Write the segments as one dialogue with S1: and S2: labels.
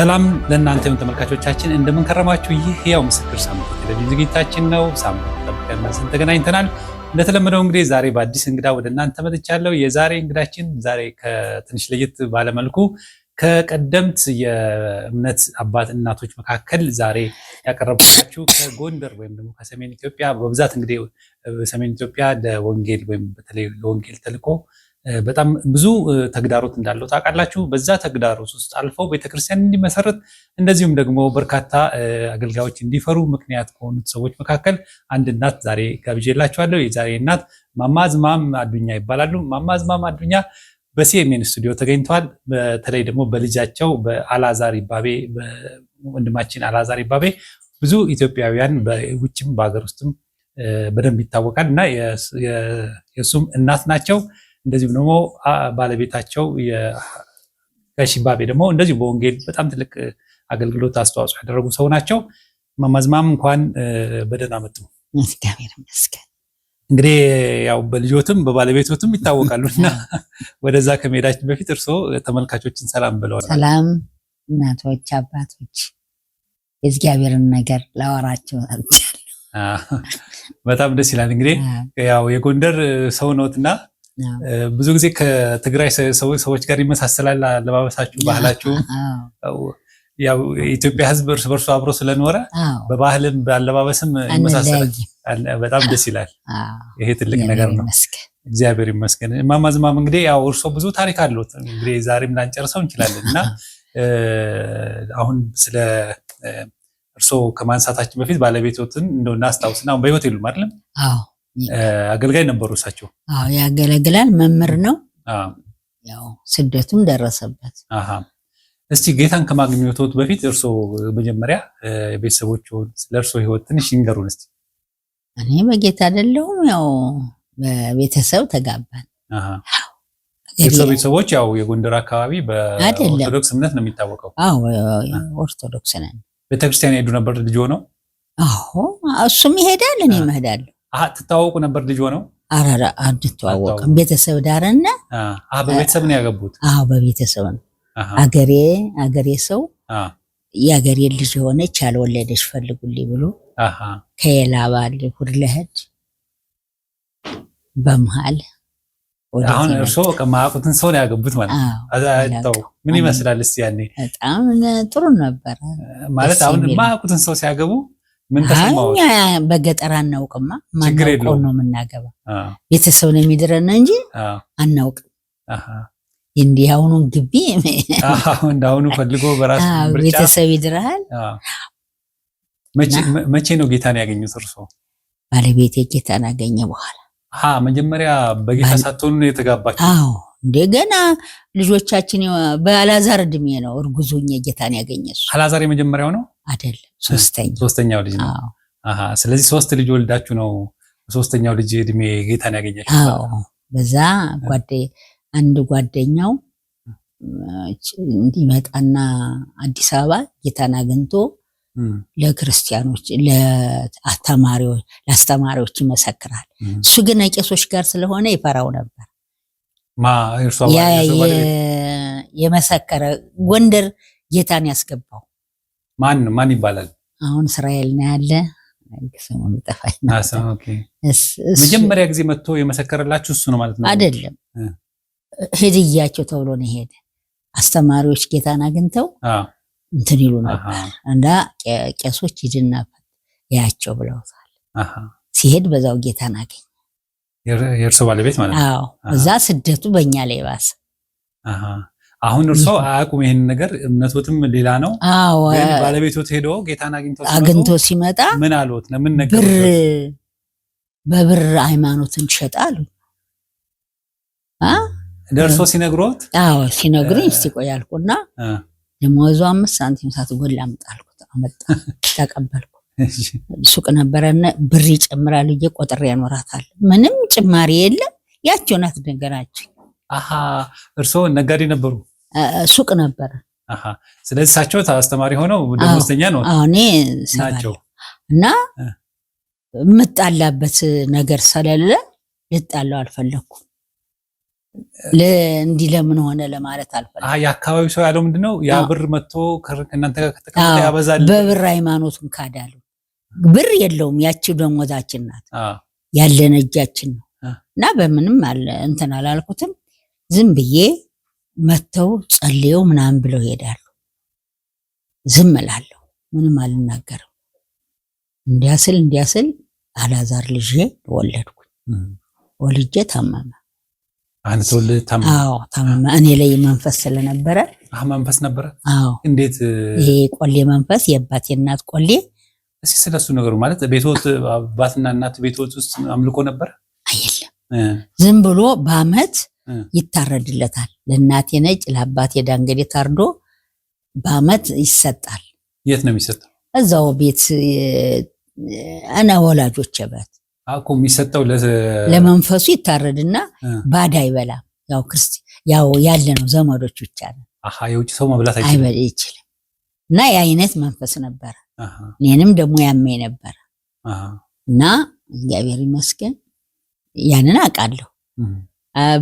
S1: ሰላም ለእናንተ ተመልካቾቻችን፣ እንደምንከረማችሁ። ይህ ሕያው ምስክር ሳምንት ቴሌቪዥን ዝግጅታችን ነው። ሳምንት ጠብቀን ተገናኝተናል። እንደተለመደው እንግዲህ ዛሬ በአዲስ እንግዳ ወደ እናንተ መጥቻለሁ። የዛሬ እንግዳችን ዛሬ ከትንሽ ለየት ባለመልኩ ከቀደምት የእምነት አባት እናቶች መካከል ዛሬ ያቀረብኩላችሁ ከጎንደር ወይም ደግሞ ከሰሜን ኢትዮጵያ በብዛት እንግዲህ ሰሜን ኢትዮጵያ ለወንጌል ወይም በተለይ ለወንጌል ተልእኮ በጣም ብዙ ተግዳሮት እንዳለው ታውቃላችሁ። በዛ ተግዳሮት ውስጥ አልፈው ቤተክርስቲያን እንዲመሰረት እንደዚሁም ደግሞ በርካታ አገልጋዮች እንዲፈሩ ምክንያት ከሆኑት ሰዎች መካከል አንድ እናት ዛሬ ጋብዤላችኋለሁ። የዛሬ እናት ማማዝማም አዱኛ ይባላሉ። ማማዝማም አዱኛ በሲኤምኤን ስቱዲዮ ተገኝተዋል። በተለይ ደግሞ በልጃቸው በአላዛር ይባቤ ወንድማችን አላዛር ይባቤ ብዙ ኢትዮጵያውያን በውጭም በሀገር ውስጥም በደንብ ይታወቃል እና የእሱም እናት ናቸው። እንደዚሁም ደግሞ ባለቤታቸው ጋሽ ደግሞ እንደዚሁ በወንጌል በጣም ትልቅ አገልግሎት አስተዋጽኦ ያደረጉ ሰው ናቸው። ማማዝማም እንኳን በደህና መጡ።
S2: እግዚአብሔር ይመስገን።
S1: እንግዲህ ያው በልጆትም በባለቤቶትም ይታወቃሉ እና ወደዛ ከመሄዳችን በፊት እርስዎ ተመልካቾችን ሰላም ብለዋል።
S2: ሰላም እናቶች፣ አባቶች የእግዚአብሔርን ነገር ላወራቸው
S1: በጣም ደስ ይላል። እንግዲህ ያው የጎንደር ሰው ብዙ ጊዜ ከትግራይ ሰዎች ጋር ይመሳሰላል አለባበሳችሁ፣ ባህላችሁ። የኢትዮጵያ ሕዝብ እርስ በርሱ አብሮ ስለኖረ በባህልም በአለባበስም ይመሳሰላል። በጣም ደስ ይላል። ይሄ ትልቅ ነገር ነው። እግዚአብሔር ይመስገን። እማማ ዝማም እንግዲህ ያው እርሶ ብዙ ታሪክ አለት እንግዲህ ዛሬም ላንጨርሰው እንችላለን እና አሁን ስለ እርሶ ከማንሳታችን በፊት ባለቤቶትን እንደው እናስታውስና አሁን በህይወት የሉም አይደለም? አገልጋይ ነበሩ እሳቸው።
S2: አዎ ያገለግላል፣ መምህር ነው። ያው ስደቱም ደረሰበት።
S1: እስቲ ጌታን ከማግኘቶት በፊት እርስዎ መጀመሪያ ቤተሰቦችዎን ስለ እርስዎ ትንሽ ይንገሩን እስቲ።
S2: እኔ በጌታ አይደለሁም፣ ያው በቤተሰብ ተጋባን።
S1: ቤተሰቦች ያው የጎንደር አካባቢ በኦርቶዶክስ እምነት ነው የሚታወቀው?
S2: ኦርቶዶክስ ነን።
S1: ቤተክርስቲያን ሄዱ ነበር ልጅ ሆነው?
S2: አዎ እሱም ይሄዳል፣ እኔ እሄዳለሁ
S1: ትተዋወቁ ነበር ልጅ ሆነው?
S2: አረረ አንተዋወቅም። ቤተሰብ ዳረና
S1: አህ በቤተሰብ ነው ያገቡት።
S2: አዎ፣ በቤተሰብ ነው። አገሬ አገሬ ሰው የአገሬ ልጅ የሆነች ያልወለደች ፈልጉልኝ ብሎ ከሌላ ባል እሑድ ለእሑድ በመሀል
S1: አሁን እርሶ ማያውቁትን ሰው ነው ያገቡት ማለት ነው። ምን ይመስላል እስኪ ያኔ?
S2: በጣም ጥሩ ነበር
S1: ማለት አሁን ማያውቁትን ሰው ሲያገቡ ምን ተሰማው?
S2: በገጠር አናውቅማ። ማናውቀው ነው የምናገባ ቤተሰብ ነው የሚድረን እንጂ አናውቅም። እንዲህ አሁኑን ግቢ
S1: እንዳሁኑ ፈልጎ በራስ
S2: ምርጫ ቤተሰብ ይድርሃል።
S1: መቼ ነው ጌታን ያገኙት እርሶ?
S2: ባለቤቴ ጌታን አገኘ በኋላ
S1: መጀመሪያ በጌታ ሳትሆኑ ነው የተጋባችሁ?
S2: እንደገና ልጆቻችን በአላዛር እድሜ ነው እርጉዞኛ ጌታን ያገኘሱ።
S1: አላዛር የመጀመሪያው ነው አይደለም? ሶስተኛው ልጅ ነው። ስለዚህ ሶስት ልጅ ወልዳችሁ ነው ሶስተኛው ልጅ እድሜ ጌታን ያገኘችው።
S2: በዛ ጓዴ አንድ ጓደኛው እንዲመጣና አዲስ አበባ ጌታን አግኝቶ ለክርስቲያኖች ለአስተማሪዎች ይመሰክራል። እሱ ግን ቄሶች ጋር ስለሆነ ይፈራው ነበር። የመሰከረ ጎንደር ጌታን ያስገባው
S1: ማን ማን ይባላል?
S2: አሁን እስራኤል ነው ያለ
S1: መጀመሪያ ጊዜ መጥቶ የመሰከረላችሁ እሱ ነው ማለት ነው
S2: አይደለም? ሄድያቸው ተብሎ ነው ሄደ። አስተማሪዎች ጌታን አግኝተው እንትን ይሉ ነበር እና ቄሶች ሂድና ያቸው ብለውታል። ሲሄድ በዛው ጌታን አገኝ
S1: የእርሶ ባለቤት ማለት
S2: ነው። እዛ ስደቱ በእኛ ላይ ባሰ።
S1: አሁን እርሶ አያውቁም ይሄን ነገር፣ እምነቶትም ሌላ ነው። ባለቤቶት ሄዶ ጌታን አግኝቶ
S2: አግኝቶ ሲመጣ
S1: ምን አሉት? ምን ነገር
S2: በብር ሃይማኖትን ሸጣ አሉ።
S1: ደርሶ ሲነግሮት?
S2: አዎ ሲነግሩኝ፣ እስቲ ቆይ አልኩና ደመወዙ አምስት ሳንቲም ሳትጎል አምጣ አልኩት። አመጣ፣ ተቀበልኩ ሱቅ ነበረና ብር ይጨምራል እየ ቆጥር ያኖራታል። ምንም ጭማሪ የለም። ያቸው ናት ነገራችን።
S1: እርስዎ ነጋዴ ነበሩ? ሱቅ ነበረ። ስለዚህ እሳቸው አስተማሪ ሆነው ደሞዝተኛ ነው
S2: ናቸው። እና የምጣላበት ነገር ስለሌለ ልጣለው አልፈለኩም። እንዲህ ለምን ሆነ ለማለት
S1: አልፈለኩም። የአካባቢው ሰው ያለው ምንድነው ያ ብር መጥቶ ከእናንተ
S2: ከተቀመጠ ያበዛል። በብር ሃይማኖቱን ካዳሉ ብር የለውም። ያቺ ደሞዛችን ናት ያለን እጃችን ነው እና በምንም አለ እንትን አላልኩትም። ዝም ብዬ መጥተው ጸልየው ምናምን ብለው ይሄዳሉ። ዝም እላለሁ፣ ምንም አልናገርም። እንዲያስል እንዲያስል አላዛር ልጄ ወለድኩኝ። ወልጄ ታመመ። አዎ ታመመ። እኔ ላይ መንፈስ ስለነበረ
S1: መንፈስ ነበረ። አዎ እንዴት
S2: ይሄ ቆሌ መንፈስ የአባቴ እናት ቆሌ
S1: እስኪ ስለሱ ነገሩ ማለት ቤቶት አባትና እናት ቤቶት ውስጥ አምልኮ ነበር
S2: አየለም። ዝም ብሎ በአመት ይታረድለታል። ለእናቴ ነጭ ለአባቴ የዳንገዴ ታርዶ በአመት ይሰጣል። የት ነው የሚሰጠው? እዛው ቤት እና ወላጆች በት
S1: አኮ የሚሰጠው
S2: ለመንፈሱ ይታረድና ባዳ አይበላም። ያው ክርስቲ ያው ያለ ነው ዘመዶች ብቻ ነው።
S1: አሃ የውጭ ሰው መብላት
S2: አይችልም እና የአይነት መንፈስ ነበረ እኔንም ደግሞ ያመኝ ነበረ እና እግዚአብሔር ይመስገን ያንን አውቃለሁ።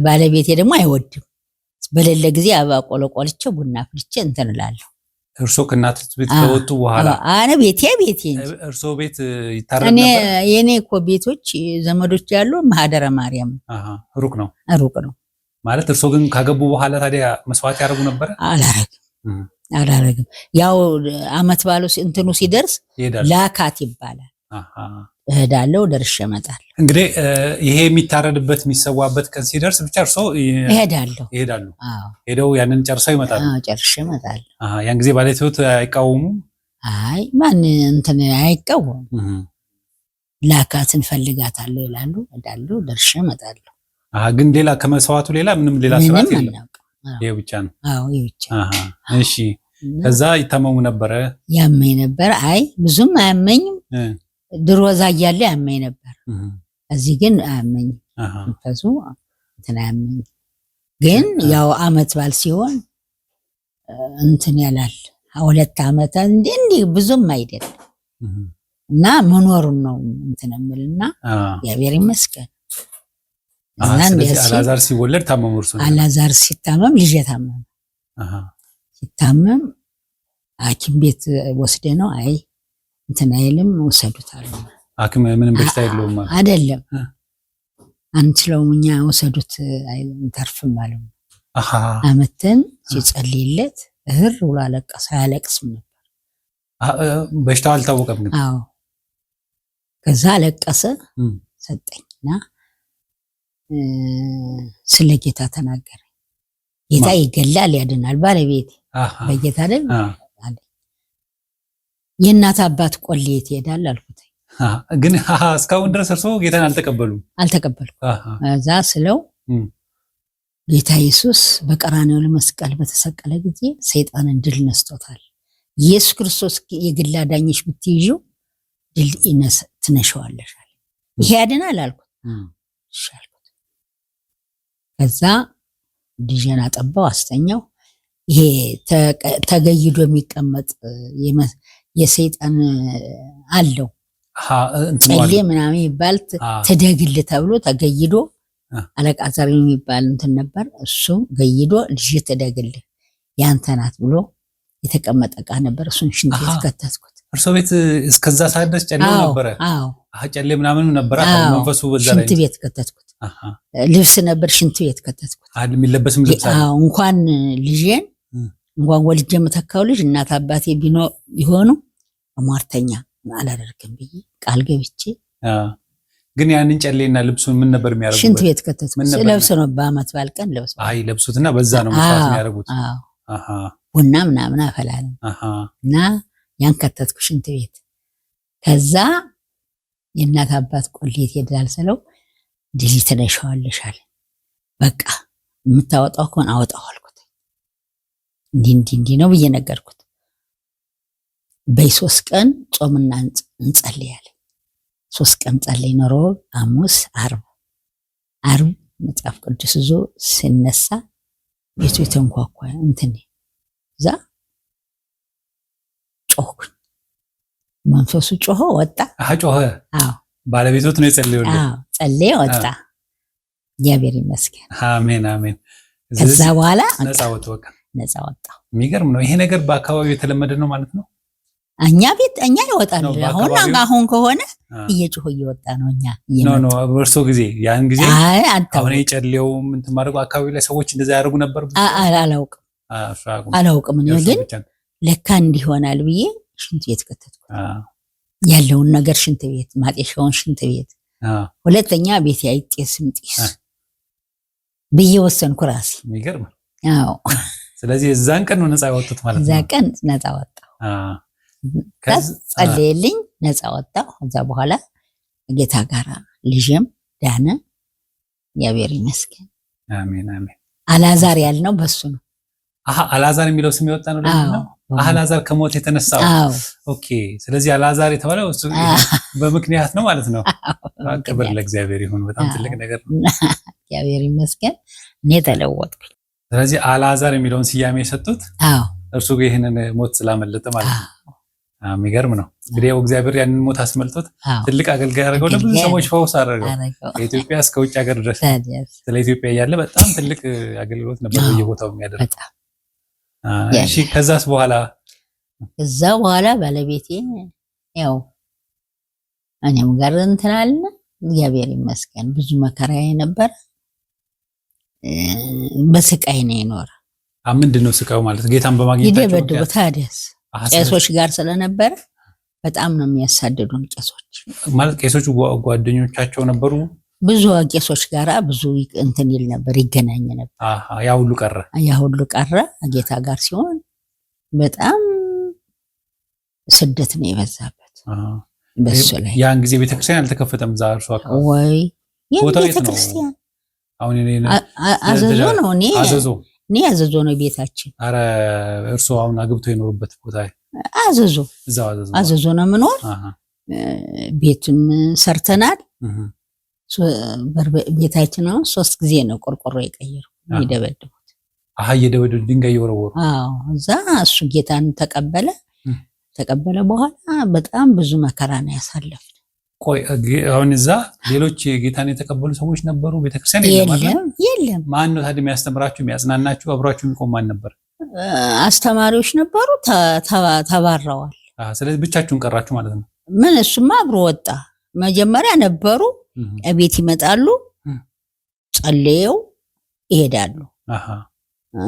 S2: ባለቤቴ ደግሞ አይወድም። በሌለ ጊዜ አበባ ቆለቆልቼ ቡና ፍልቼ እንትን እላለሁ።
S1: እርሶ ከእናት ቤት ከወጡ በኋላ
S2: አነ ቤቴ ቤቴ
S1: እርሶ ቤት ይታረቅ ነበር።
S2: የኔ እኮ ቤቶች ዘመዶች ያሉ ማህደረ ማርያም ሩቅ ነው ሩቅ ነው
S1: ማለት። እርሶ ግን ካገቡ በኋላ ታዲያ መስዋዕት ያደርጉ ነበረ?
S2: አላረግም አላረግም። ያው አመት ባለው እንትኑ ሲደርስ ላካት ይባላል። እሄዳለሁ፣ ደርሼ እመጣለሁ።
S1: እንግዲህ ይሄ የሚታረድበት የሚሰዋበት ቀን ሲደርስ ብቻ እርሶ እሄዳለሁ ይሄዳሉ። ሄደው ያንን ጨርሰው ይመጣሉ።
S2: ጨርሼ እመጣለሁ።
S1: ያን ጊዜ ባለቤትዎት አይቃወሙም?
S2: አይ ማን እንትን አይቃወም። ላካት እንፈልጋታለሁ ይላሉ። እሄዳለሁ፣ ደርሼ እመጣለሁ።
S1: ግን ሌላ ከመስዋዕቱ ሌላ ምንም ሌላ ስራት የለም። ይሄ ብቻ ነው? አዎ ይሄ ብቻ። እሺ ከዛ ይታመሙ ነበረ?
S2: ያመኝ ነበር። አይ ብዙም አያመኝም። ድሮ እዛ እያለ ያመኝ ነበር። እዚህ ግን አያመኝም። መንፈሱ እንትን አያመኝም። ግን ያው አመት በዓል ሲሆን እንትን ያላል። ሁለት አመት እንዲህ ብዙም አይደለም እና መኖሩን ነው እንትን እምልና እግዚአብሔር ይመስገን።
S1: አላዛር ሲወለድ ታመሙ። እርሱ
S2: አላዛር ሲታመም ልጅ የታመመ ሲታመም ሐኪም ቤት ወስደ ነው አይ እንትን አይልም ወሰዱት አሉ።
S1: ሐኪም ምንም በሽታ የለውም
S2: አይደለም አንችለውም እኛ ወሰዱት አይተርፍም አሉ። አመተን ሲጸልይለት እህር ውሎ አለቀሰ። አያለቅስም ነበር
S1: በሽታው አልታወቀም ግን። አዎ
S2: ከዛ አለቀሰ ሰጠኝና ስለ ጌታ ተናገረ። ጌታ ይገላል ያድናል፣ ባለቤት በጌታ ደም የእናት አባት ቆሌ የት ይሄዳል አልኩት።
S1: ግን እስካሁን ድረስ እርስዎ ጌታን አልተቀበሉ?
S2: አልተቀበልኩም። እዛ ስለው ጌታ ኢየሱስ በቀራንዮ ለመስቀል በተሰቀለ ጊዜ ሰይጣንን ድል ነስቶታል። ኢየሱስ ክርስቶስ የግላ ዳኞች ብትይዥው ድል ትነሸዋለሻል። ይሄ ያድናል አልኩት። ከዛ ልጄን አጠባው፣ አስተኛው። ይሄ ተገይዶ የሚቀመጥ የሰይጣን አለው ጸሌ ምናምን ይባል ትደግል ተብሎ ተገይዶ አለቃ ዘር የሚባል እንትን ነበር። እሱም ገይዶ ልጅ ትደግል ያንተ ናት ብሎ የተቀመጠ እቃ ነበር። እሱን ሽንት ቤት ከተትኩት።
S1: እርሶ ቤት እስከዛ ሰዓት ጨሌ ነበረ? ጨሌ ምናምን ነበረ። መንፈሱ
S2: በዛ ላይ ሽንት ቤት ከተትኩት። ልብስ ነበር ሽንት ቤት ከተትኩት። የሚለበስም ልብስ እንኳን ልጄን እንኳን ወልጄ የምተካው ልጅ እናት አባቴ ቢኖ ቢሆኑ ሟርተኛ አላደርግም ብዬ ቃል ገብቼ
S1: ግን ያንን ጨሌና ልብሱን ምን ነበር
S2: የሚያደርጉት? ሽንት ቤት ከተትኩት። ለብሶ ነው በአመት በዓል ቀን ለብሶ
S1: አይ ለብሱትና በዛ ነው መስራት የሚያደርጉት።
S2: ቡና ምናምን አፈላል እና ያን ከተትኩ ሽንት ቤት ከዛ የእናት አባት ቆሌት ይሄዳል ስለው ዲሊት ለሸዋለሽ አለ። በቃ የምታወጣው ከሆን አወጣው አልኩት። እንዲህ እንዲህ እንዲህ ነው ብዬ ነገርኩት። በሶስት ቀን ጾምና እንጸልያለን። ሶስት ቀን ጸልይ ኖሮ ሐሙስ፣ አርብ አርብ መጽሐፍ ቅዱስ ይዞ ሲነሳ ቤቱ የተንኳኳ እንትን እዛ ጮኩኝ። መንፈሱ ጮሆ ወጣ።
S1: ጮኸ። ባለቤቶት ነው የጸለዩለት
S2: ጸልዬ ወጣ። እግዚአብሔር ይመስገን።
S1: አሜን አሜን።
S2: ከዛ በኋላ
S1: ነፃ ወጣ። የሚገርም ነው ይሄ ነገር። በአካባቢው የተለመደ ነው ማለት ነው።
S2: እኛ ቤት እኛ ይወጣል። አሁን አሁን ከሆነ እየጮሁ እየወጣ ነው። እኛ
S1: በእርሶ ጊዜ ያን ጊዜ አሁን የጨሌው እንትን ማድረጉ አካባቢ ላይ ሰዎች እንደዛ ያደርጉ ነበር።
S2: አላውቅም አላውቅም። እኔ ግን ለካ እንዲሆናል ብዬ ሽንት ቤት ከተትኩ ያለውን ነገር ሽንት ቤት ማጤሻውን ሽንት ቤት ሁለተኛ ቤት አይጤስም ጢስ ብዬ ወሰንኩ ራሴ።
S1: የሚገርም አዎ። ስለዚህ እዛን ቀን ነው ነፃ ያወጡት ማለት ነው። እዛ
S2: ቀን ነፃ ወጣሁ። ጸልየልኝ ነፃ ወጣሁ። እዛ በኋላ ጌታ ጋር ልጅም ዳነ። እግዚአብሔር ይመስገን። አሜን አሜን። አላዛር ያልነው በሱ ነው።
S1: አሃ አላዛር የሚለው ስም የወጣ ነው ለምን? አላዛር ከሞት የተነሳው ኦኬ። ስለዚህ አላዛር የተባለው እሱ በምክንያት ነው ማለት ነው። ክብር ለእግዚአብሔር ይሁን። በጣም ትልቅ ነገር ነው።
S2: እግዚአብሔር ይመስገን እኔ ተለወጥኩኝ።
S1: ስለዚህ አልዓዛር የሚለውን ስያሜ የሰጡት እርሱ ይህንን ሞት ስላመለጠ ማለት ነው። የሚገርም ነው እንግዲህ እግዚአብሔር ያንን ሞት አስመልጦት ትልቅ አገልጋይ አድርገው ለብዙ ሰዎች ፈውስ አድርገው ከኢትዮጵያ እስከ ውጭ ሀገር ድረስ ስለ ኢትዮጵያ እያለ በጣም ትልቅ አገልግሎት ነበር በየቦታው የሚያደርግ። እሺ ከዛስ በኋላ
S2: ከዛ በኋላ ባለቤቴ ያው እኔም ጋር እንትናልና እግዚአብሔር ይመስገን ብዙ መከራ የነበረ በስቃይ ነው የኖረ።
S1: ምንድን ነው ስቃዩ ማለት? ጌታን በማግኘት
S2: ይደበድቡ። ታዲያስ ቄሶች ጋር ስለነበረ በጣም ነው የሚያሳድዱን። ቄሶች
S1: ማለት ቄሶቹ ጓደኞቻቸው ነበሩ።
S2: ብዙ ቄሶች ጋር ብዙ እንትን ይል ነበር፣ ይገናኝ ነበር። ያ ሁሉ ቀረ፣ ያ ሁሉ ቀረ። ጌታ ጋር ሲሆን በጣም ስደት ነው የበዛበት።
S1: በሱ ላይ ያን ጊዜ ቤተክርስቲያን አልተከፈተም። እዛ እርሱ አካባቢ ወይ
S2: ቤተክርስቲያን አዘዞ ነው እኔ አዘዞ እኔ አዘዞ ነው ቤታችን።
S1: አረ እርሱ አሁን አግብቶ የኖሩበት ቦታ
S2: አዘዞ አዘዞ ነው የምኖር። ቤትም ሰርተናል። ቤታችን አሁን ሶስት ጊዜ ነው ቆርቆሮ የቀየሩ የሚደበድቡት።
S1: አሀ እየደበደቡ ድንጋይ እየወረወሩ።
S2: እዛ እሱ ጌታን ተቀበለ። ከተቀበለ በኋላ በጣም ብዙ መከራ ነው ያሳለፍ።
S1: ቆይ አሁን እዛ ሌሎች ጌታን የተቀበሉ ሰዎች ነበሩ? ቤተክርስቲያን የለም? ማን ነው ታዲያ የሚያስተምራችሁ የሚያጽናናችሁ? አብሯችሁ የሚቆም ማን ነበር?
S2: አስተማሪዎች ነበሩ፣ ተባረዋል።
S1: ስለዚህ ብቻችሁን ቀራችሁ ማለት ነው?
S2: ምን እሱማ አብሮ ወጣ። መጀመሪያ ነበሩ፣ እቤት ይመጣሉ፣ ጸልየው ይሄዳሉ።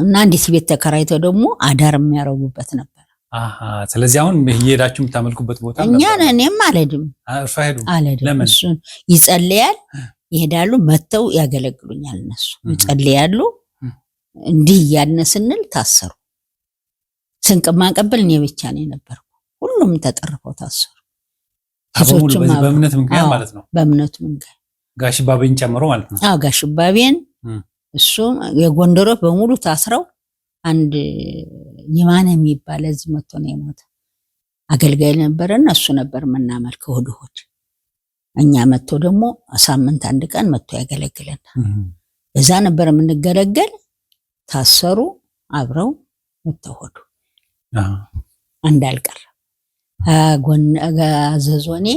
S2: እና አንዲት ቤት ተከራይተው ደግሞ አዳር የሚያረጉበት ነበር
S1: ስለዚህ አሁን እየሄዳችሁ የምታመልኩበት ቦታ
S2: እኛ እኔም አልሄድም አልሄድም። እሱን ይጸልያል፣ ይሄዳሉ፣ መጥተው ያገለግሉኛል። እነሱ ይጸልያሉ። እንዲህ እያልን ስንል ታሰሩ። ስንቅ ማቀበል እኔ ብቻ ነው የነበርኩ። ሁሉም ተጠርፈው ታሰሩ።
S1: በእምነት ምክንያት ማለት ነው።
S2: በእምነቱ ምክንያት
S1: ጋሽባቤን ጨምሮ ማለት ነው።
S2: ጋሽባቤን እሱም የጎንደሮች በሙሉ ታስረው አንድ ይማን የሚባል እዚህ መጥቶ ነው የሞተ አገልጋይ ነበረና እሱ ነበር የምናመልከው እሑድ እሑድ። እኛ መጥቶ ደግሞ ሳምንት አንድ ቀን መጥቶ ያገለግለና እዛ ነበር የምንገለገል። ታሰሩ አብረው መጥተው ሆዱ አንድ አልቀረም። ጋዘዞኔ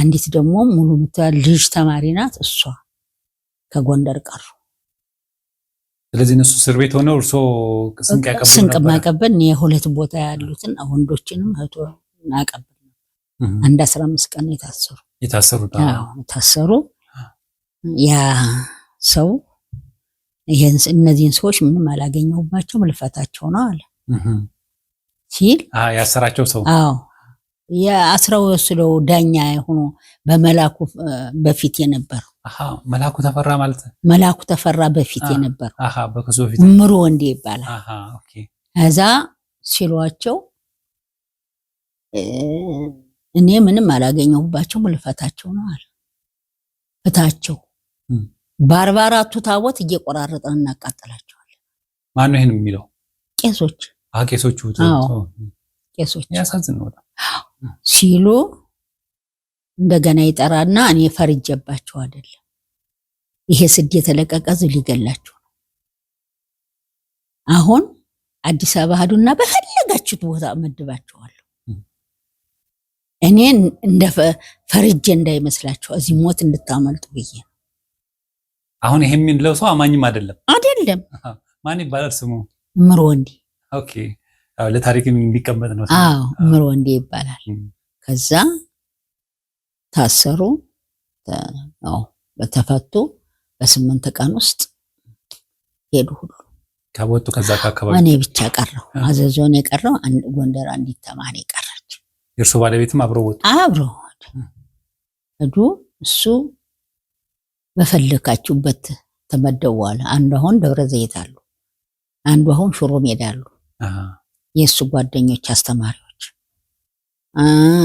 S2: አንዲት ደግሞ ሙሉ ምትባል ልጅ ተማሪ ናት። እሷ ከጎንደር ቀሩ።
S1: ስለዚህ እነሱ እስር ቤት ሆነው እርሶ
S2: ስንቅ ያቀብሉ ስንቅ ማቀበል የሁለት ቦታ ያሉትን ወንዶችንም እህቶ አቀብል ነበር። አንድ አስራ አምስት ቀን የታሰሩ የታሰሩ ታሰሩ። ያ ሰው እነዚህን ሰዎች ምንም አላገኘሁባቸውም ልፈታቸው ነው አለ ሲል
S1: ያሰራቸው ሰው አዎ
S2: የአስራ ወስደው ዳኛ ሆኖ በመላኩ በፊት የነበረው
S1: መላኩ ተፈራ ማለት
S2: መላኩ ተፈራ በፊት የነበር ምሩ ወንዴ ይባላል። እዛ ሲሏቸው እኔ ምንም አላገኘሁባቸውም ልፈታቸው ነው አለ። ፍታቸው በአርባ አራቱ ታቦት እየቆራረጠን እናቃጥላቸዋለን።
S1: ማነው ይህን የሚለው? ቄሶች ቄሶቹ
S2: ቄሶች ያሳዝን ሲሉ እንደገና ይጠራና እኔ ፈርጀባቸው አይደለም ይሄ ስድ የተለቀቀ ዝል ሊገላችሁ ነው። አሁን አዲስ አበባ ሂዱና በፈለጋችሁት ቦታ መድባችኋለሁ። እኔ እንደ ፈርጀ እንዳይመስላችሁ እዚህ ሞት እንድታመልጡ ብዬ ነው።
S1: አሁን ይሄ የሚለው ሰው አማኝም አይደለም አይደለም። ማን ይባላል ስሙ? እምር ወንዴ። ኦኬ፣ ለታሪክ የሚቀመጥ ነው።
S2: አዎ እምር ወንዴ ይባላል። ከዛ ታሰሩ፣ ተፈቱ። በስምንት ቀን ውስጥ ሄዱ ሁሉ
S1: ከቦቱ ከዛ ከአካባቢ
S2: እኔ ብቻ ቀረው። አዘዞን የቀረው ጎንደር አንዲት ተማሪ ቀረች።
S1: የእርሱ ባለቤትም አብረ ወጡ
S2: አብረ እዱ እሱ በፈለካችሁበት ተመደዋል። አንዱ አሁን ደብረ ዘይት አሉ፣ አንዱ አሁን ሽሮ ሜዳ አሉ። የእሱ ጓደኞች አስተማሪዎች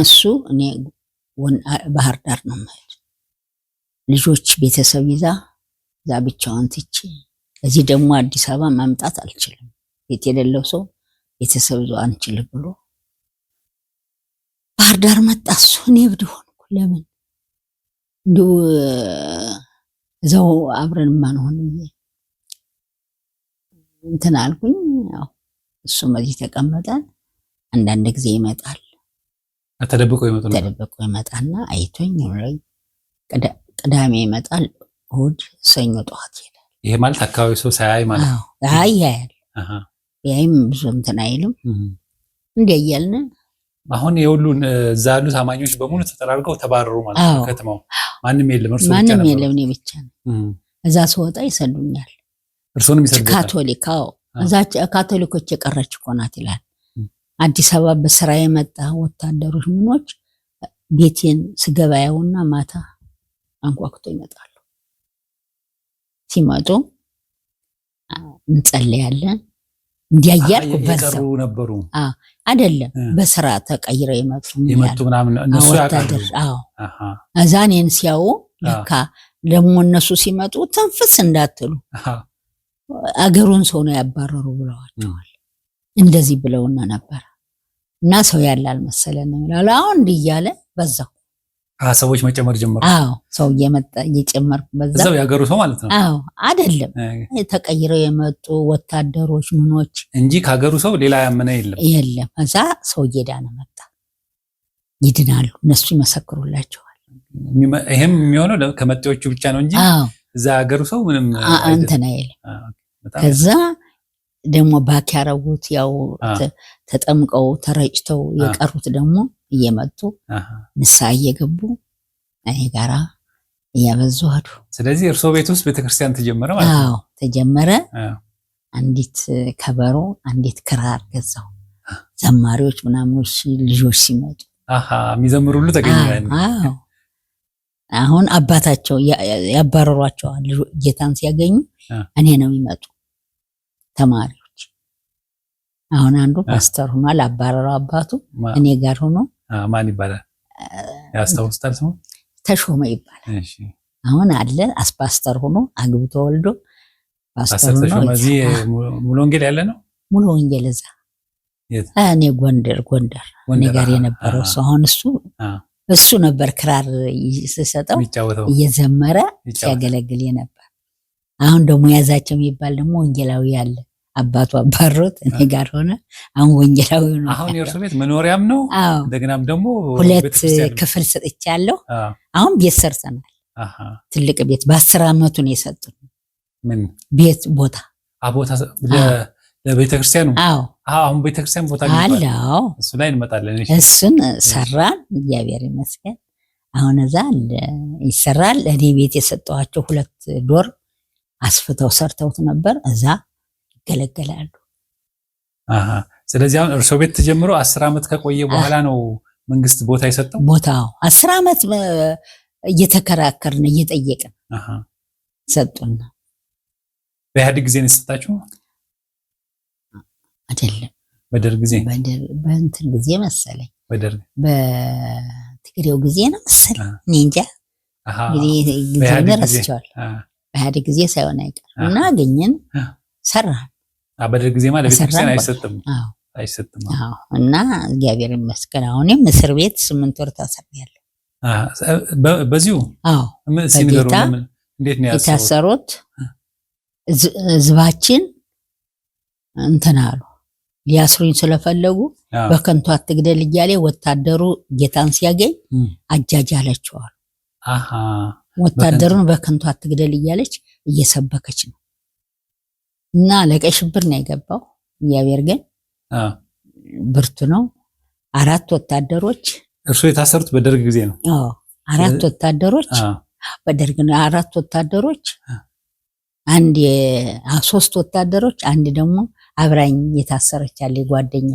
S2: እሱ እኔ ባህር ዳር ነው የምሄድ። ልጆች ቤተሰብ ይዛ እዛ ብቻዋን ትቼ እዚህ ደግሞ አዲስ አበባ ማምጣት አልችልም። ቤት የሌለው ሰው ቤተሰብ ዞ አንችል ብሎ ባህር ዳር መጣ። እሱ እኔ እብድ ሆንኩ። ለምን እንዲሁ እዛው አብረን ማንሆን እንትን አልኩኝ። እሱ መዚህ ተቀመጠ። አንዳንድ ጊዜ ይመጣል
S1: ተደብቆ ይመጣል።
S2: ተደብቆ ይመጣና አይቶኝ ላይ ቅዳሜ ይመጣል፣ እሑድ ሰኞ ጠዋት ይሄዳል።
S1: ይሄ ማለት አካባቢ ሰው ሳያይ ማለት ነው።
S2: አይ ያያል፣ ያይም ብዙ እንትን አይልም። እንዲ እያልን
S1: አሁን የሁሉ እዛ ያሉ ታማኞች በሙሉ ተጠራርገው ተባረሩ ማለት ነው። ከተማው ማንም የለም፣ እርሱ ማንም
S2: የለም፣ እኔ ብቻ ነው። እዛ ስወጣ ይሰዱኛል፣ እርሱንም ይሰዱኛል። ካቶሊካው እዛ ካቶሊኮች የቀረች እኮ ናት ይላል አዲስ አበባ በስራ የመጣ ወታደሮች ምኖች ቤቴን ስገባያውና ማታ አንኳኩቶ ይመጣሉ። ሲመጡ እንጸለያለን እንዲያያልኩ
S1: በዛው ነበሩ
S2: አይደለም። በስራ ተቀይረው የመጡ
S1: የመጡ ምናምን እነሱ ወታደር።
S2: አዎ ሲያዩ ለካ ደግሞ እነሱ ሲመጡ ትንፍስ እንዳትሉ አገሩን ሰው ነው ያባረሩ ብለዋቸዋል። እንደዚህ ብለውና ነበር እና ሰው ያለ አልመሰለን ይላል። አሁን እንዲህ እያለ በዛው
S1: ሰዎች መጨመር ጀመሩ።
S2: አዎ ሰው እየመጣ እየጨመርኩ
S1: በዛው ያገሩ ሰው ማለት ነው።
S2: አዎ አይደለም ተቀይረው የመጡ ወታደሮች ምኖች
S1: እንጂ ካገሩ ሰው ሌላ ያመነ የለም
S2: የለም። እዛ ሰው እየዳነ መጣ። ይድናሉ፣ እነሱ ይመሰክሩላቸዋል።
S1: ይህም የሚሆነው ከመጤዎቹ ብቻ ነው እንጂ እዛ ያገሩ ሰው ምንም
S2: እንትን አይልም። ከዛ ደግሞ ባክ ያረጉት ያው ተጠምቀው ተረጭተው የቀሩት ደግሞ እየመጡ ንሳ እየገቡ እኔ ጋራ እያበዙ አሉ።
S1: ስለዚህ እርሶ ቤት ውስጥ ቤተክርስቲያን ተጀመረ ማለት
S2: ነው? ተጀመረ። አንዲት ከበሮ፣ አንዲት ክራር ገዛው። ዘማሪዎች ምናምኖች ልጆች ሲመጡ
S1: የሚዘምሩሉ ተገኘ።
S2: አሁን አባታቸው ያባረሯቸዋል። ጌታን ሲያገኙ እኔ ነው ይመጡ ተማሪዎች አሁን አንዱ ፓስተር ሆኗል። አባረረው አባቱ እኔ ጋር ሆኖ
S1: ማን ይባላል ያስታውስታል? ስሙ
S2: ተሾመ ይባላል። አሁን አለ አስፓስተር ሆኖ አግብቶ ወልዶ
S1: ፓስተር ሆኖ እዚህ ሙሉ ወንጌል ያለ ነው።
S2: ሙሉ ወንጌል እዛ እኔ ጎንደር ጎንደር እኔ ጋር የነበረው እሱ አሁን እሱ እሱ ነበር ክራር ሲሰጠው እየዘመረ ሲያገለግል የነበር አሁን ደግሞ ያዛቸው የሚባል ደግሞ ወንጌላዊ አለ። አባቱ አባሮት እኔ ጋር ሆነ። አሁን ወንጌላዊ ነው።
S1: አሁን የእርሱ ቤት መኖሪያም ነው። እንደገናም ደግሞ
S2: ሁለት ክፍል ሰጥቻለሁ። አሁን ቤት ሰርተናል። ትልቅ ቤት በአስር አመቱ ነው የሰጡን ቤት ቦታ
S1: ቦታ ለቤተክርስቲያኑ። አዎ አሁን ቤተክርስቲያን ቦታ አለው። እሱ ላይ እንመጣለን።
S2: እሱን ሰራን። እግዚአብሔር ይመስገን። አሁን እዛ ይሰራል። እኔ ቤት የሰጠኋቸው ሁለት ዶር አስፍተው ሰርተውት ነበር። እዛ ይገለገላሉ።
S1: ስለዚህ አሁን እርሶ ቤት ተጀምሮ አስር ዓመት ከቆየ በኋላ ነው መንግስት ቦታ የሰጠው።
S2: ቦታው አስር ዓመት እየተከራከርን እየጠየቅን ሰጡና
S1: በኢህአዴግ ጊዜ ነው የሰጣችሁ? አይደለም፣ በደርግ ጊዜ
S2: በእንትን ጊዜ መሰለኝ፣ በትግሬው ጊዜ ነው መሰለኝ። እኔ እንጃ ጊዜ ረስቸዋል። በኢህአዴግ ጊዜ ሳይሆን አይቀርም እና አገኘን ሰራን።
S1: በደርግ ጊዜማ ቤተክርስቲያን አይሰጥም አይሰጥም
S2: እና እግዚአብሔር ይመስገን አሁንም እስር ቤት ስምንት ወር ታስሬያለሁ። በዚሁ የታሰሩት ህዝባችን እንትን አሉ ሊያስሩኝ ስለፈለጉ በከንቱ አትግደል እያለ ወታደሩ ጌታን ሲያገኝ አጃጅ አለችዋል። ወታደሩን በከንቱ አትግደል እያለች እየሰበከች ነው። እና ለቀይ ሽብር ነው የገባው። እግዚአብሔር ግን ብርቱ ነው። አራት ወታደሮች
S1: እርሱ የታሰሩት በደርግ ጊዜ ነው።
S2: አራት ወታደሮች በደርግ ነው። አራት ወታደሮች አንድ ሶስት ወታደሮች አንድ ደግሞ አብራኝ የታሰረች አለ ጓደኛ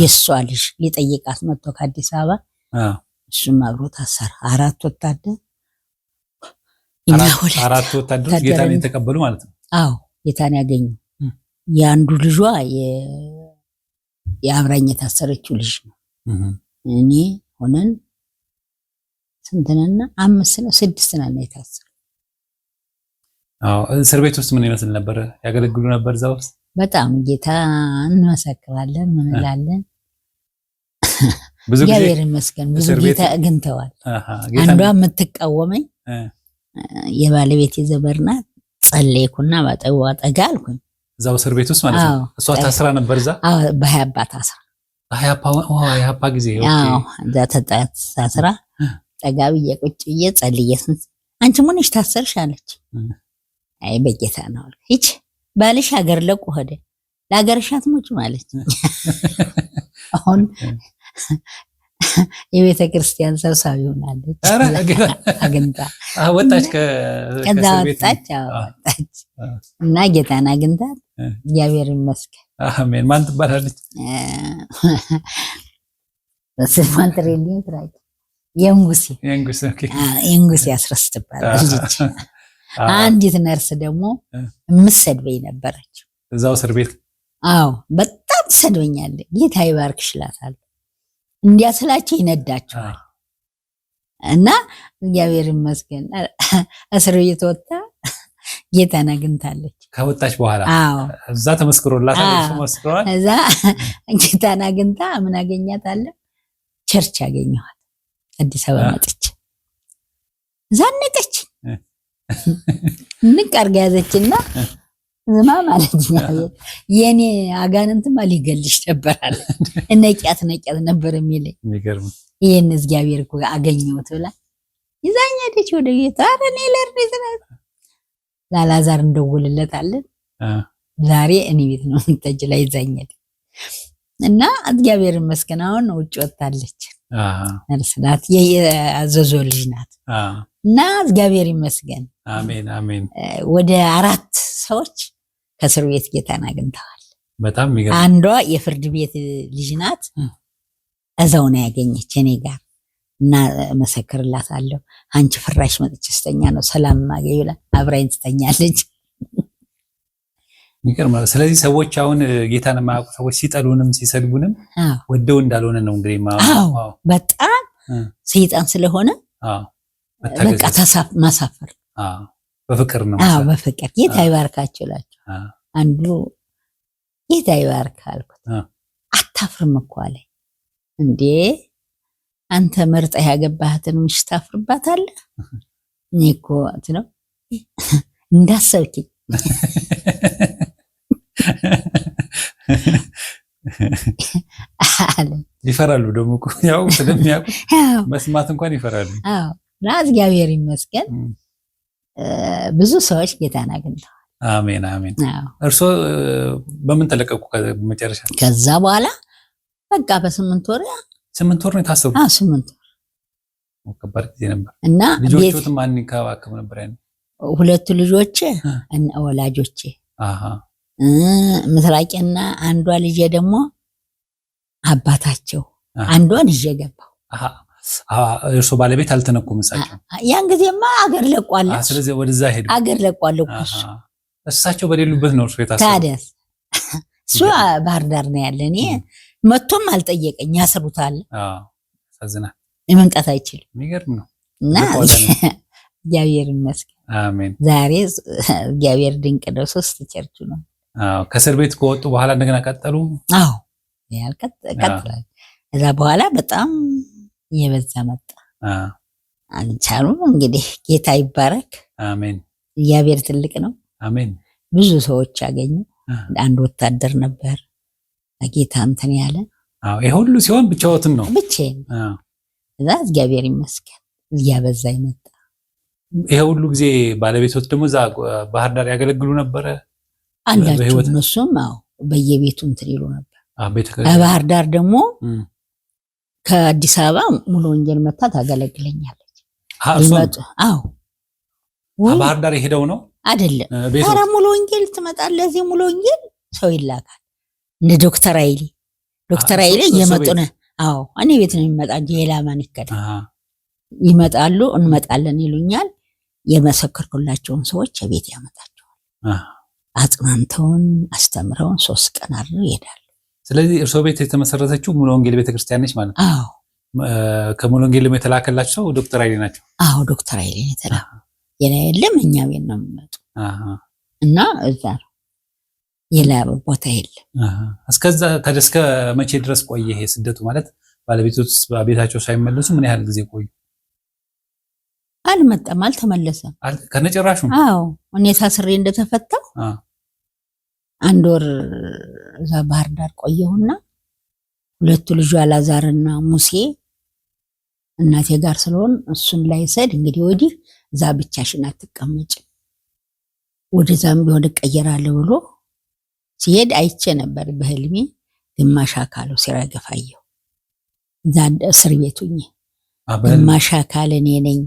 S2: የሷ ልጅ ሊጠይቃት መጥቶ ከአዲስ አበባ እሱም አብሮ ታሰረ። አራት ወታደር
S1: አራት ወታደሮች ጌታን የተቀበሉ ማለት ነው።
S2: አዎ ጌታን ያገኙ። የአንዱ ልጇ የአብራኝ የታሰረችው ልጅ ነው። እኔ ሆነን ስንትነና አምስት ነው ስድስት ነን የታሰሩ።
S1: እስር ቤት ውስጥ ምን ይመስል ነበር? ያገለግሉ ነበር እዛ ውስጥ
S2: በጣም ጌታ እንመሰክራለን፣ ምን እንላለን። እግዚአብሔር ይመስገን ብዙ ጌታ አግኝተዋል። አንዷ የምትቃወመኝ የባለቤት የዘበር ናት። ጸለይኩና ባጠዋ ጠጋ አልኩኝ።
S1: እዛው እስር ቤት ውስጥ ማለት ነው። እሷ ታስራ ነበር እዛ። በሀያባ በሀያ ታስራ ሀያ ጊዜ
S2: እዛ ታስራ ጠጋ ብዬ ቁጭ ብዬ ጸልዬ ስንት አንቺ ሙንሽ ታሰርሽ አለች። አይ በጌታ ነው ይች ባልሽ ሀገር ለቁ ሆደ ለሀገርሽ አትሞች ማለች። አሁን የቤተ ክርስቲያን ሰብሳቢ ሆናለች።
S1: አግኝታ ወጣች፣ ከዛ
S2: ወጣች፣ ወጣች እና ጌታን አግኝታት እግዚአብሔር ይመስገን።
S1: አሜን። ማን ትባላለች?
S2: ስማን ትሬልኝ ትራቂ የንጉሴ የንጉሴ አስረስ ትባላለች። አንዲት ነርስ ደግሞ የምትሰድበኝ ነበረች እዛው እስር ቤት። አዎ በጣም ትሰድበኛለች። ጌታ ይባርክሽ እላታለሁ እንዲያስላቸው ይነዳቸዋል። እና እግዚአብሔር ይመስገን እስር ቤት ወጥታ ጌታን አግኝታለች።
S1: ከወጣች በኋላ እዛ ተመስክሮላት
S2: እዛ ጌታን አግኝታ ምን አገኛት ቸርች ያገኘኋት አዲስ አበባ መጥቼ ዛነቀች ንቅ አርጋ ያዘችና ዝማ ማለት የኔ አጋንንትማ ሊገልሽ ነበራል። ነቂያት ነቂያት ነበር የሚለኝ ይህን እግዚአብሔር እኮ አገኘሁት ብላ ይዛኝ ሄደች ወደ ቤት። ኧረ እኔ ለርኔ ስላት ላላዛር እንደውልለታለን ዛሬ እኔ ቤት ነው ምጠጅ ላይ ይዛኛል እና እግዚአብሔር ይመስገን አሁን ውጭ ወጥታለች። ነርስ ናት የአዘዞ ልጅ ናት። እና እግዚአብሔር ይመስገን
S1: አሜን አሜን።
S2: ወደ አራት ሰዎች ከእስር ቤት ጌታን አግኝተዋል። አንዷ የፍርድ ቤት ልጅ ናት። እዛው ነው ያገኘች እኔ ጋር እና መሰክርላት አለው አንቺ ፍራሽ መጥቼ ስተኛ ነው ሰላም ማገኝ ብላ አብራኝ ትተኛለች።
S1: ይገርማ። ስለዚህ ሰዎች አሁን ጌታን የማያውቁ ሰዎች ሲጠሉንም ሲሰድቡንም ወደው እንዳልሆነ ነው እንግዲህ
S2: በጣም ሰይጣን ስለሆነ በቃ ማሳፈር በፍቅር ነው። በፍቅር ጌታ ይባርካቸው እላችሁ አንዱ ጌታ ይባርክ አልኩት። አታፍርም እኮ አለ እንዴ አንተ መርጠ ያገባህትን ምሽ ታፍርባታለህ? እኔ እኮ ነው እንዳሰብኪ
S1: ይፈራሉ ደግሞ ያው ስለሚያውቁ መስማት እንኳን ይፈራሉ።
S2: እግዚአብሔር ይመስገን ብዙ ሰዎች ጌታን አግኝተዋል።
S1: አሜን አሜን። እርስዎ በምን ተለቀቁ? መጨረሻ
S2: ከዛ በኋላ በቃ በስምንት ወር
S1: ስምንት ወር ነው የታሰሩ። ስምንት ወር ከባድ ጊዜ ነበር እና ልጆቹት ማን ይንከባከብ ነበር? ያ
S2: ሁለቱ ልጆቼ ወላጆቼ ምስራቄና አንዷ ልጄ ደግሞ አባታቸው አንዷ ይዤ ገባሁ።
S1: እርሶ ባለቤት አልተነኩም? እሳቸው
S2: ያን ጊዜማ አገር ለቋለች።
S1: ስለዚህ ወደዛ ሄዱ።
S2: አገር ለቋለች።
S1: እሳቸው በሌሉበት ነው እርሱ
S2: የታሰሩ። ታዲያስ እሱ ባህር ዳር ነው ያለ። እኔ መቶም አልጠየቀኝ። ያስሩታል። ዝና የመምጣት አይችልም። የሚገርም ነው። እና እግዚአብሔር ይመስገን። አሜን። ዛሬ እግዚአብሔር ድንቅ ነው። ሶስት ቸርች ነው።
S1: ከእስር ቤት ከወጡ በኋላ እንደገና ቀጠሉ።
S2: አዎ ቀጥላል። እዛ በኋላ በጣም እየበዛ መጣ። አልቻሉም። እንግዲህ ጌታ ይባረክ። አሜን። እግዚአብሔር ትልቅ ነው። አሜን። ብዙ ሰዎች ያገኙ አንድ ወታደር ነበር ጌታ እንትን ያለ
S1: ይህ ሁሉ ሲሆን ብቻዎትን ነው
S2: ብቻዬን። እዛ እግዚአብሔር ይመስገን እያበዛ ይመጣ።
S1: ይሄ ሁሉ ጊዜ ባለቤቶች ደግሞ እዛ ባህር ዳር ያገለግሉ ነበረ።
S2: አንዳቸው እነሱም አዎ በየቤቱ እንትን ይሉ ነበር። ባህር ዳር ደግሞ ከአዲስ አበባ ሙሉ ወንጌል መታ ታገለግለኛለች።
S1: አዎ ባህር ዳር የሄደው ነው
S2: አይደለም። ኧረ ሙሉ ወንጌል ትመጣለህ። እዚህ ሙሉ ወንጌል ሰው ይላካል። እንደ ዶክተር አይሌ ዶክተር አይሌ እየመጡ ነው። አዎ እኔ ቤት ነው የሚመጣ እንጂ የላማን ይከዳል። ይመጣሉ፣ እንመጣለን ይሉኛል። የመሰከርኩላቸውን ሰዎች ቤት ያመጣቸዋል። አጽናንተውን አስተምረውን ሶስት ቀን አድረው ይሄዳሉ።
S1: ስለዚህ እርስዎ ቤት የተመሰረተችው ሙሉ ወንጌል ቤተክርስቲያን ነች ማለት ነው። ከሙሉ ወንጌል የተላከላቸው ዶክተር አይሌ ናቸው።
S2: አዎ ዶክተር አይሌ የተላከ የላ የለም እኛ ቤት ነው የሚመጡ እና እዛ ነው የላ ቦታ የለም።
S1: እስከዛ እስከ መቼ ድረስ ቆየ ይሄ ስደቱ ማለት? ባለቤቶች ቤታቸው ሳይመለሱ ምን ያህል ጊዜ ቆዩ?
S2: አልመጣም፣ አልተመለሰም ከነጭራሹ። አዎ እኔ ታስሬ እንደተፈታው አንድ ወር እዛ ባህር ዳር ቆየሁና ሁለቱ ልጁ አላዛርና ሙሴ እናቴ ጋር ስለሆን እሱን ላይሰድ እንግዲህ ወዲህ እዛ ብቻሽን አትቀመጭ ወደዛም ቢሆን ቀየራለ ብሎ ሲሄድ አይቼ ነበር በህልሜ። ግማሽ አካሉ ሲረገፋየው እዛ እስር ቤቱኝ ግማሽ አካል እኔ ነኝ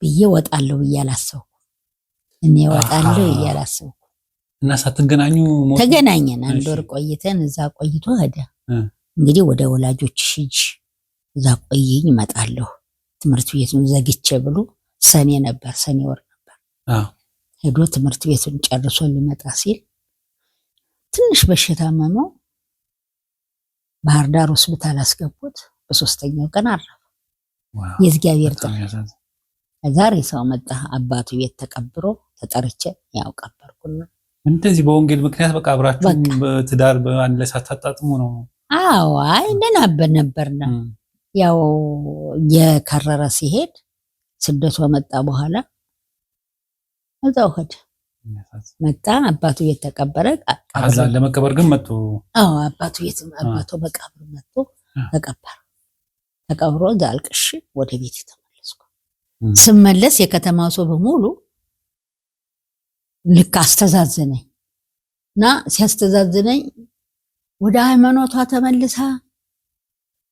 S2: ብዬ ወጣለሁ ብዬ አላሰብኩ። እኔ ወጣለሁ ብዬ አላሰብኩ
S1: እና ሳትገናኙ
S2: ተገናኘን። አንድ ወር ቆይተን እዛ ቆይቶ ሄደ። እንግዲህ ወደ ወላጆች ሂጂ፣ እዛ ቆይኝ፣ እመጣለሁ ትምህርት ቤቱን ዘግቼ ብሎ ሰኔ ነበር፣ ሰኔ ወር ነበር። ሄዶ ትምህርት ቤቱን ጨርሶ ሊመጣ ሲል ትንሽ በሽታ መመው ባህር ዳር ሆስፒታል አስገቡት። በሶስተኛው ቀን አረፈ። የእግዚአብሔር ጥ ዛሬ ሰው መጣ አባቱ ቤት ተቀብሮ ተጠርቼ ያው ቀበርኩና
S1: እንደዚህ በወንጌል ምክንያት በቃ አብራችሁ ትዳር በአንድ ላይ ሳታጣጥሙ ነው?
S2: አዎ አይ እንደናበ ነበር ነው ያው የከረረ ሲሄድ ስደቷ መጣ በኋላ እዛው ሄደ መጣ አባቱ ቤት ተቀበረ።
S1: ለመቀበር ግን መጥቶ
S2: አዎ አባቱ ቤት አባቱ መቃብር መጥቶ ተቀበረ። ተቀብሮ እዛ አልቅሽ ወደ ቤት የተመለስኩ። ስመለስ የከተማ ሰው በሙሉ ልክ አስተዛዘነኝ እና ሲያስተዛዝነኝ ወደ ሃይማኖቷ ተመልሳ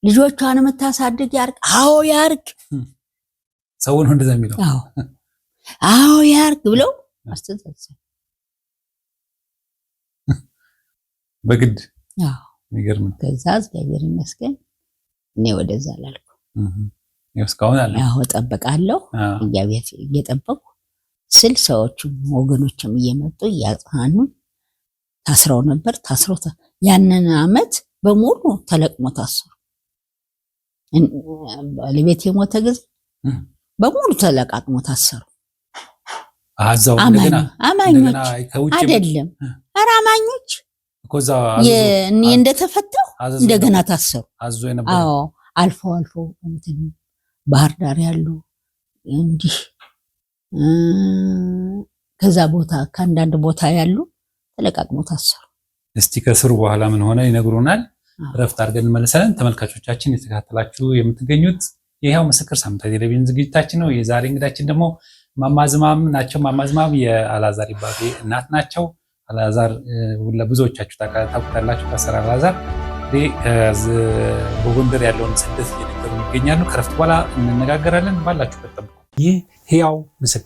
S2: ልጆቿን የምታሳድግ ያርግ፣ አዎ ያርግ
S1: ሰውን ነው እንደዛ የሚለው። አዎ
S2: አዎ፣ ያርግ ብለው አስተሳሰብ
S1: በግድ የሚገርም ነው። ከዛ
S2: እግዚአብሔር ይመስገን እኔ ወደዛ ላልኩ እስካሁን አለ። አዎ እጠብቃለሁ፣ እግዚአብሔር እየጠበቁ ስል ሰዎቹም ወገኖችም እየመጡ እያጽናኑ ታስረው ነበር። ታስረው ያንን አመት በሙሉ ተለቅሞ ታስሩ ባለቤቴ የሞተ ጊዜ በሙሉ ተለቃቅሞ ታሰሩ። አማኞች አይደለም፣ ኧረ አማኞች እኔ እንደገና ታሰሩ። አዎ አልፎ አልፎ ባህር ዳር ያሉ እንዲህ ከዛ ቦታ ከአንዳንድ ቦታ ያሉ ተለቃቅሞ ታሰሩ።
S1: እስቲ ከስሩ በኋላ ምን ሆነ ይነግሩናል። እረፍት አድርገን እንመለሳለን። ተመልካቾቻችን የተከታተላችሁ የምትገኙት የህያው ምስክር ሳምንታዊ ቴሌቪዥን ዝግጅታችን ነው። የዛሬ እንግዳችን ደግሞ ማማዝማም ናቸው። ማማዝማም የአላዛር ይባቤ እናት ናቸው። አላዛር ለብዙዎቻችሁ ታውቁታላችሁ። ታሰር አላዛር በጎንደር ያለውን ስደት እየነገሩ ይገኛሉ። ከረፍት በኋላ እንነጋገራለን። ባላችሁበት ጠብቁ። ይህ ህያው ምስክር